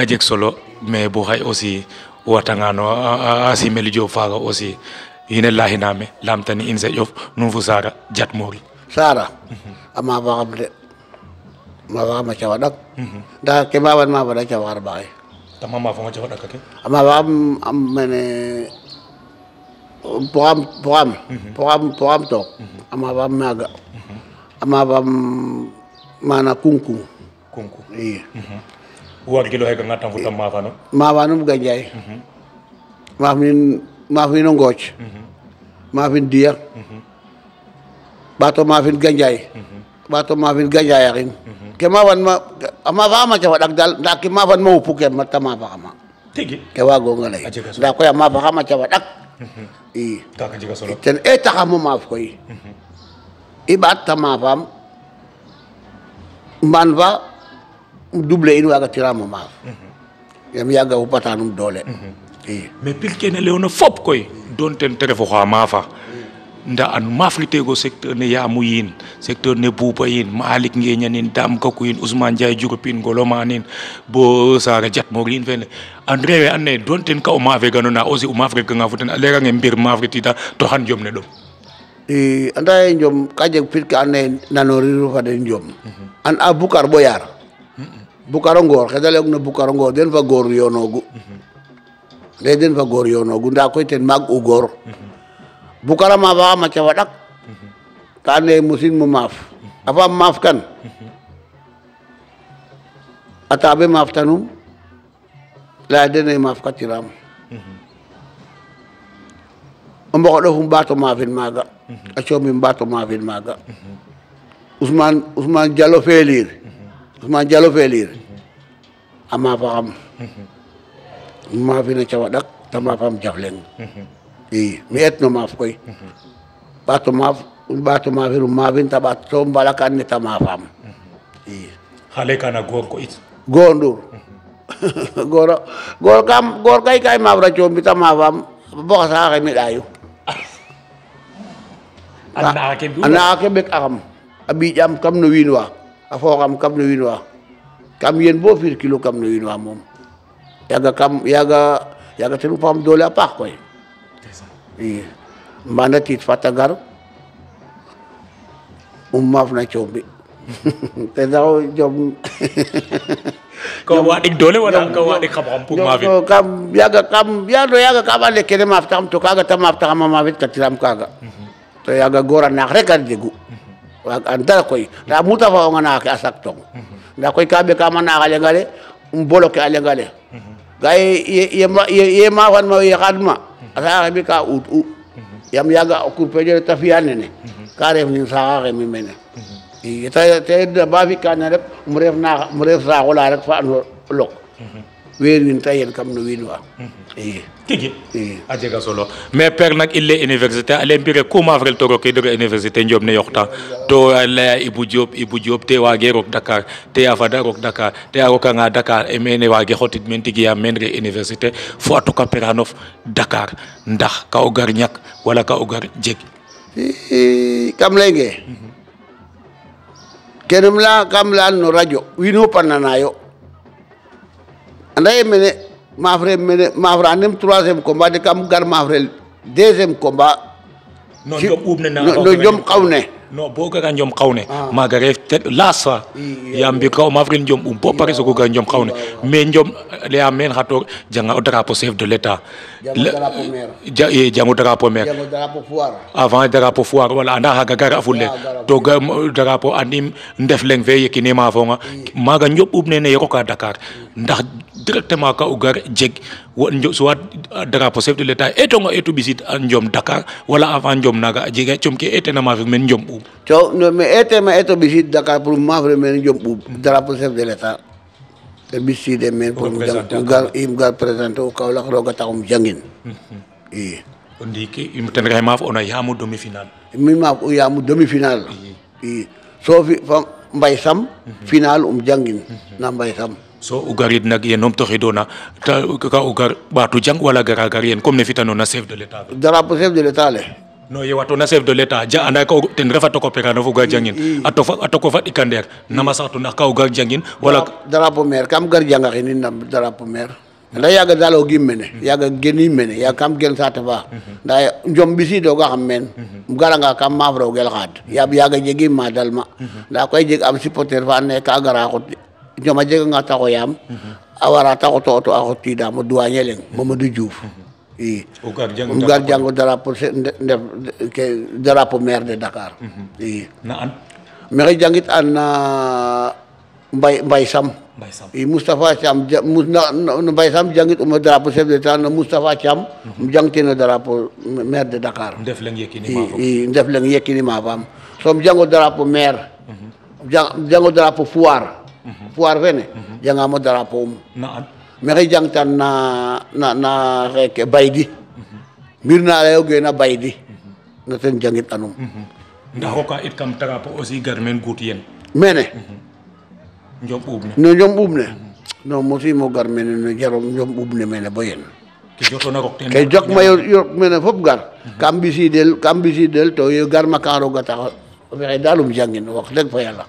gajek solo mais bo hay aussi watangano asimeli jo faga aussi ine name lamtani inza yof num fo sara mori sara ama ah, baxam de ma faxama cawa ɗak nda ke mbawanma faɗa cawa xar ɓaxe tama mafanga cawa ɗaka ke ama ah, am mene poxam mhm. poxam poxam poxam to mhm. ama ah, faxam maga ama faxam mana kungkung kungkung i wargilo hega ngatan futan mafano mafanum ganjay mafin mafino ngooc mafin diya ɓato mafin ganjay ɓato mafin ganjayaxin ke mafan ma a mafaxama cafaɗak dal nda ke mafan ma wupu ke ta mafaxama tigi ke wagonga ley nda koy a mafaxama cafaɗak i ten etaxamo eh, maaf koy mhm. i ɓaat ta mafaam mban fa double inu aga tirama ya, ma yam yaga upata num dole mais mhm. iya. pilkene lewno fop koy don ten tere fo xa mafa nda an mafritego secteur ne yamu yin secteur ne buuba yin malik ngeñanin dam kaku yin ousmane golomanin bo sara jat morin fene an rewe an ne don ten ka o mafe ganona aussi o mafre kanga foten a lerange mbir mafritita to han jom ne ɗom i anda e jom ka jeg pirke an ne nanoriru fade jom mhm. an abukar boyar Bukaro Ngor xedaleeg no Bukaro Ngor den fa goor yonoogu nde den fa goor yonoogu ndaa koy ten maag u goor Bukara maafa xam a caf ka andoona mosin mo maaf a faam maaf kan a taabe maaf tanum laya dene maaf ka tiraam o mboxoɗofum ɓaato maafin maaga a coomin ɓaato maafin maaga Ousmane Ousmane Diallo Feliir Ousmane Diallo Feliir ama faam na cawa dak ta maafaam jafleng i mi etno maaf koy batu maaf batu ma maafin ta ɓaat to mbalaka an ni ta maafaam i xale kana gor ko it goor gor goor goor kam goor kay kay maafra coombi ta maafaam bo xa saxa xe mi ɗaayu a naxa ke ɓek axam a jam kam no win wa a kam kam no win wa kam yen bo fir kilo kam no yin amom Ya yaga kam yaga yaga tenu pam dole apa koy i iya. mana tit fatagar um Maaf na chombe te daw jom ko wadik dole wala ko wadik xam xam pour vie kam yaga kam yado yaga kam ale kene ma tam mhm. to kaga ya tam maf ma vie katiram kaga to yaga gora nak rek kan ar degu mhm. wa antara koy da mhm. mutafa ngana ke asak tong nda koy ka ɓeka ma naaxa leng ale um bloquer :fra a leng ale ga ye ye maafanma ye xaadma a sax axe mi' ka uɗ'u yaam yaaga o kurpeñ ole ta fi'aa nene ka refnin saax axe mi' mene i yete ba fi'ka nene rek um ref um saax ola rek fa and o lok weer wiin ta yen kam no wiin wa. tigi ee. ee. a jega solo mais père nak ille université Il est kuma afrel to rokidoga université ndiob ne yoxta to leya ibou diop ibou diop te rok dakar te a fada rok dakar te a rokanga dakar mene waage xotid men tigi yaam men re université fo a toka peranof dakar ndax ka o gar ñak wala o gar jeg ee, kam kam no radio wiin mene Mafre mene Mafre anem troisième combat de kam gar Mafre deuxième combat. non na non jom xaw no bo garan jom kawne ah. maga ref lasa yam bi ma mafrin jom um bo pare so ko garan jom kawne men jom le amen hato janga o drapeau chef de l'état jango drapeau maire avant drapeau foire wala anda haga gara fulle to drapeau anim ndef leng ve ne ma fonga maga ñop ubne ne ka dakar ndax directement ka ugar jeg soit drapeau chef de l'état etongo etu bisit njom dakar wala avant njom naga jega chomke etena ma men njom um. Yo no me este me esto visita acá por más bremen yo dara por sef de leta. Te visite me im gal presento ka o ro ga ta um jangin. Mm-hmm. I im ten ga maf ona yamu demi final. Mi maf o yamu demi final. I so fi mbay sam mm-hmm. final um jangin mm-hmm. na mbay sam. so ugar yit nak yen to toxi ta ka ugar batu jang wala gara gar yen comme ne fitano na chef de l'état dara chef de l'état le no ye watona chef de l'etat ja anda ko ten refa ko peka no fuga jangin atoko atoko fat ikander nama sa tuna ka ga jangin wala drapeau mer kam gar janga ni nam drapeau maire nda yaga dalo gimmene hmm. yaga geni mene ya kam gel ta ba nda ya, jom bisi do ga xam men gara hmm. nga kam hmm. ya ma fro gel khat ya yaga jegi ma dalma nda koy jeg am supporter fa ne ka gara ko joma jeg nga taxo yam awara taxo to to mo tidam mo leng du juuf i ugar jango drapeau ndef ke drapeau maire de dakar mhm. i na an mexey jangit an mbay mbay sam mbay sam i mustapha cham no mbay sam jangit um drapeau chef d'état no mustapha cham um jangti no drapeau maire de dakar ndef leng yekini ma i ndef leng yekini ma fam so jango drapeau maire jango drapeau foire foire vene, jangamo drapeau na an maxey jangtan na na xeeke baydi mbir na layogeena baydi no ten jangit anum nda xooka it kam trapo aussi gar meen guut yen mene njom ɓuuɓ ne no njom ɓuuɓ ne non mosiimo gar mene no jarom njom ɓuuɓ ne mene bo yen ke jokma yok mene fop gar kam ɓisidel kam ɓisidel to yo garma ka roog a taxa o fexey daal um jangin wax deg fa yala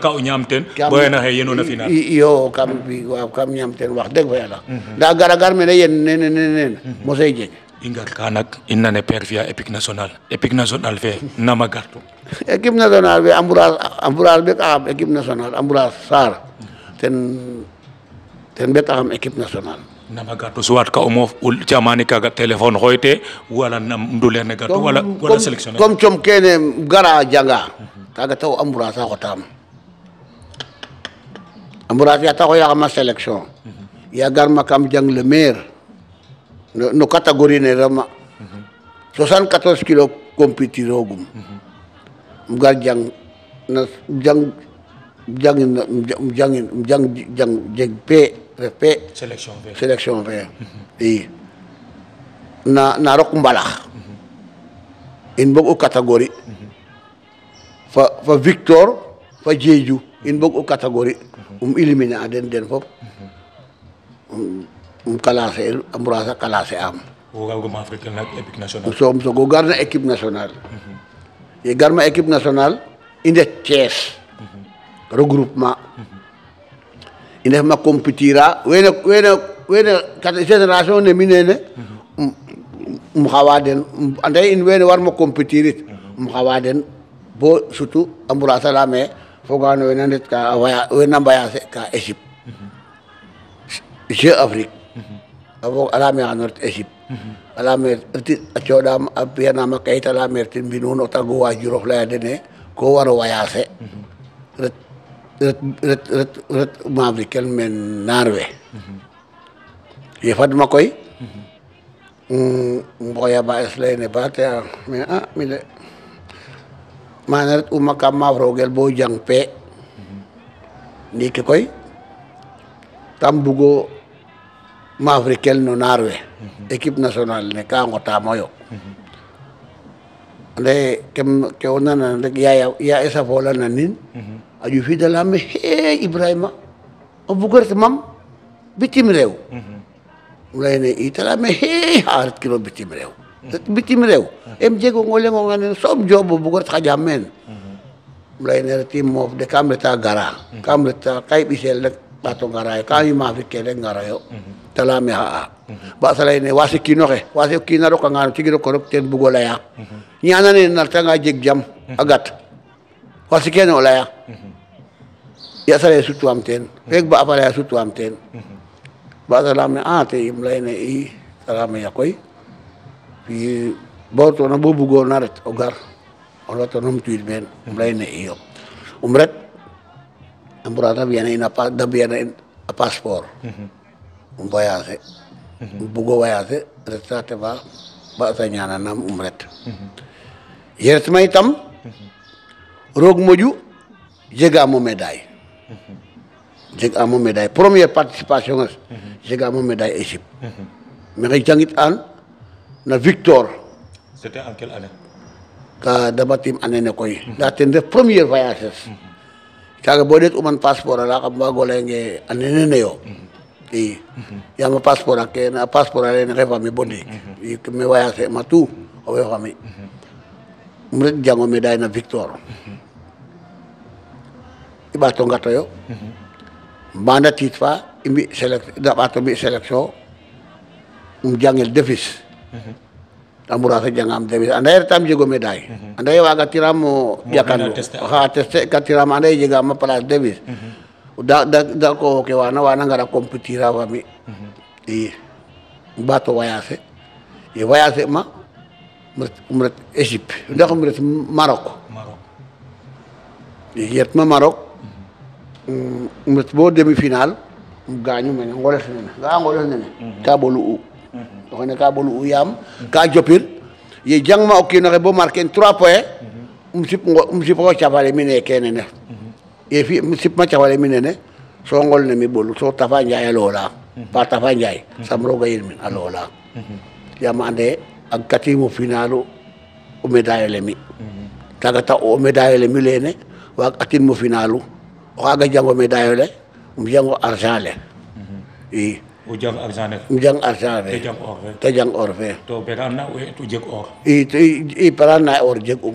ka o ñaam teen bo yen axe yenoona final iyo kam waaw kam ñaam teen wax deg fa yala ndaa mhm. gara gar mene yen nene nene mhm. mosey jeg i ngar ka nak i nane per fi'a équipe nationale équipe nationale fe nama gartu équipe nationale fe embourage embourage ɓekaxam équipe nationale embourage Sarr ten ten ɓekaxam équipe nationale nama gâteau soit ka o moof camani kaga téléphone xoyte wala nam ndulene gâteau wala wala seleksion comme com kene gara janga kaga tau ambourage sa kotam ambourage ya taxo yaxama seleksion ya garma kam jang le maire no kategori ne rema 74 kilo compétir ogum um gar jang jang jang jang jang jang jang jang jang respect sélection fe i na na roq mbalax in mbog u catégorie fa Victor fa Diédiou in mbog u catégorie um éliminer a den den fop um, um classé el a mburaasa am soom soog o garna équipe nationale ye garma équipe nationale i ndet Thiès regroupement ina ma competira wena wena wena kata generasi ne minene mu xawaden anday in wena war ma competirit mu xawaden bo sutu ambura salame fogano wena net ka waya wena mbayase ka égypte je afrique abo alame anort égypte alame ti ciodam apiana ma kayta alame tin binuno tagu wa jurof la dene ko waro wayase ret ret ret rut mabri kel men narwe ye fat makoy mm, mboya ba eslene ba te me a mi mana ret uma kam bo jang pe ndiki koy tam bugo mafrikel no narwe équipe nationale ne ka ngota moyo le ke wona na aju fi dala me he ibrahima o bugar mam bitim rew ulayne itala me he har kilo bitim rew bitim rew em jego ngole ngo ngane sob jobo bugar ta jamen ulayne reti mof de kam reta gara kam reta kay bisel rek pato gara kay ma fi kele gara yo tala me ha ah, ba salay ne wasi ki noxe wasi ki na roka nga ci ko rok ten bugo ya ñana ne nar tanga jeg jam agat wasi ken laya ya salay su tuam ten rek ba apala su tuam ten ba salam ne ah te im lay ne i salam ya koy fi borto na bo bugo na ret o gar o loto nom tuit ben im lay ne i umret amburata biana ina pa da biana in a passeport un voyage bu bugg a voyager ret saate ba sa ñaananaam um ret ye retma itam roog moƴu jegaamo médaille jegaamo médaille première participation nges jegaamo médaille Égypte maxey jangit aan na Victor c'était en quelle année ka dabatim année ne koy ndaa ten ref première es kaaga bo uman passeport ala xam waago layonge année ne yo i ya ma paspora ke na paspor le na fami boni mhm. i ke me waya se matu o kami. fami mhm. mret jango me dai na victor mhm. Iba ba to ngato yo banda titfa imbi selek da ba to bi seleksio um jangel rasa jangan am jangam Anda andai tam jego me dai andai waga tiramo jakando ha teste katiram anda juga ma para da da da ko ke wana wana ngara komputira wa mi mm -hmm. i bato wayase e wayase ma mret mret egypte mm -hmm. da ko mret marok marok i yet ma marok mm -hmm. bo demi final gañu men ngoles nene ga ngoles nene mhm. ka bolu u mhm. ko ne ka bolu u yam mhm. ka ye jang ma okino ke bo marquer 3 points um sip um sip ko chabale mi kenene e fi sipma cawale min ene so ngolne mi ɓolu so tafa ndiaye a loola mm-hmm. pa tafa ndiaye sam roga yen min a loola yama ande ak katimo finalu o médaille le mi mm-hmm. taga ta o médaille le mi lene wag atinmo finalu o xaga jango médaille le um jango argent le mm-hmm. i o jang argent le um jang argent fe te jang or fe to peran na o jeg or i peran na or jeg um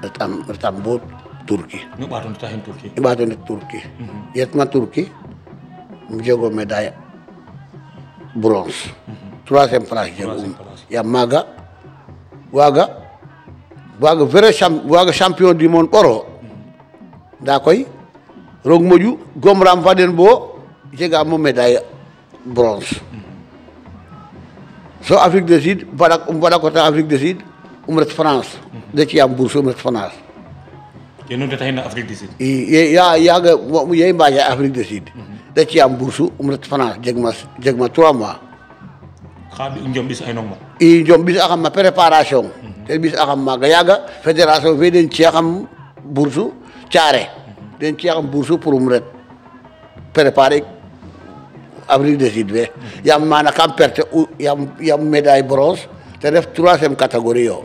Turki. በጣም ርጣምቦ Turki. ንባቶን ቱርኪ የትማ Turki. ምጀጎ ሜዳይ ብሮንስ ትራሴም ፕላስ ጀጉ ያማጋ ዋጋ ዋጋ waga, ዋጋ ሻምፒዮን ዲሞን ቆሮ nda koy rog moƴu gomram faden bo jega mo médaille bronze mhm. so afrique du sud mbaɗa mbaɗa kota afrique du sud umrah France da ci am bourse umrah France yenu da na Afrique du Sud ya ya ga mu yey ba ya Afrique mhm. du Sud da ci am bourse umrah France jegma jegma 3 mois xabi njom bis ay nokma i njom bis akam ma préparation mhm. te bis akam ma ga yaga fédération fe den ci akam bourse tiare den ci akam bourse pour umrah préparer Afrique du mhm. Sud be yam mana kam perte yam yam médaille bronze te def troisième catégorie yo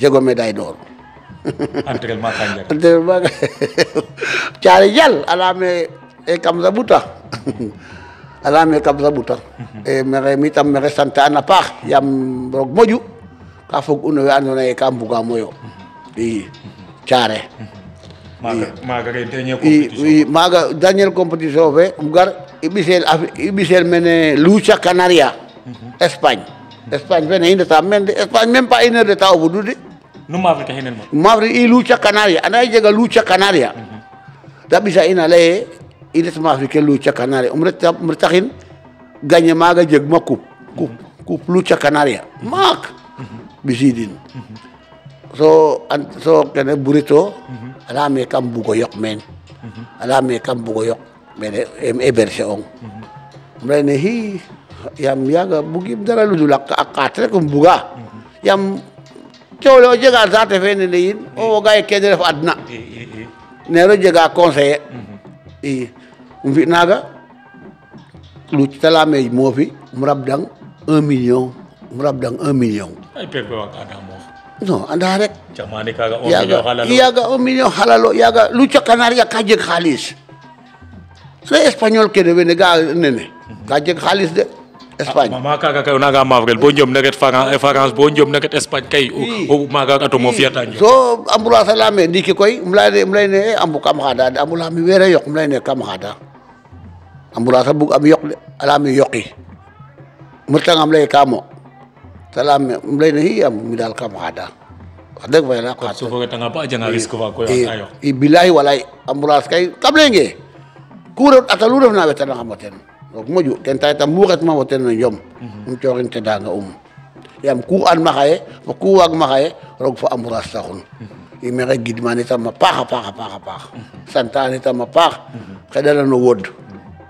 Jago médaille d'or entraînement kanjal kan entraînement chari jal alame e eh, kamza buta alame kamza buta e mere mitam mere sante ana pax yam rog moju ka fog uno we andona ye ka mbuga moyo i chare maga iya. maga dernier compétition iya, i iya, maga dernier compétition fe um ibisel ibisel mene lucha canaria espagne mhm. espagne fene inde ta men espagne même pas une heure de temps au mavri i lucha kanaria ana llega lucha kanaria da bisa ina le ina sama ke lucha umre ta hin ganya maga jeg makup kup kup lucha Kanaria, mak bisidin so an so kene burito ala me kam bugo yok men ala me kam bugo yok men em e, e se ong ne hi yam yaga bugim dara ka akatre kum buga yam coow le o jega saate fe nene yiin o woga yee ref adna nero jega conseiller mm-hmm. i um fi' Luc ta ee moofi um rabdang un million um rabdang un million non anda rek yaaga un million xalalo yaaga Luc a Canaria ka jeg xaalis anda espagnol kene wene ga'a nene mm-hmm. ka jeg xaalis de Espagne Mama kaka kay naga mafgal bo ñom nagat France eh, bo ñom nagat Espagne kay o oh, oh, maga ato mo fiata so ambula salame ndiki koy mulai mlay ne eh, ambu kamrada khada ambula mi wéré yok mlay ne kamrada. khada ambula sa bug am yok yoki eh. mutang ngam lay kamo salam mlay ne hi am mi dal kamrada. khada deg way la ko so fo tanga ba janga risk fa ko yo i billahi walai ambulance kay kam lay kurot ataluruf na wetana xamoten ɗo moƴu ten taxta mu retma fo ten no jom um cooxin tedanga um yaam ku andma xaye fo ku waagma xaye roog fo embourage taxun i maxey gidmanitam a paax a pax a paax a paax santanitam a paax xeɗalan o wod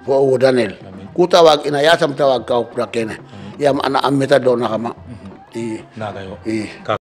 fo o wodanel ku ta waag'ina yaasam ta waag ka xupna kene mhm. yaam ana am me ta doonaxama mhm. i i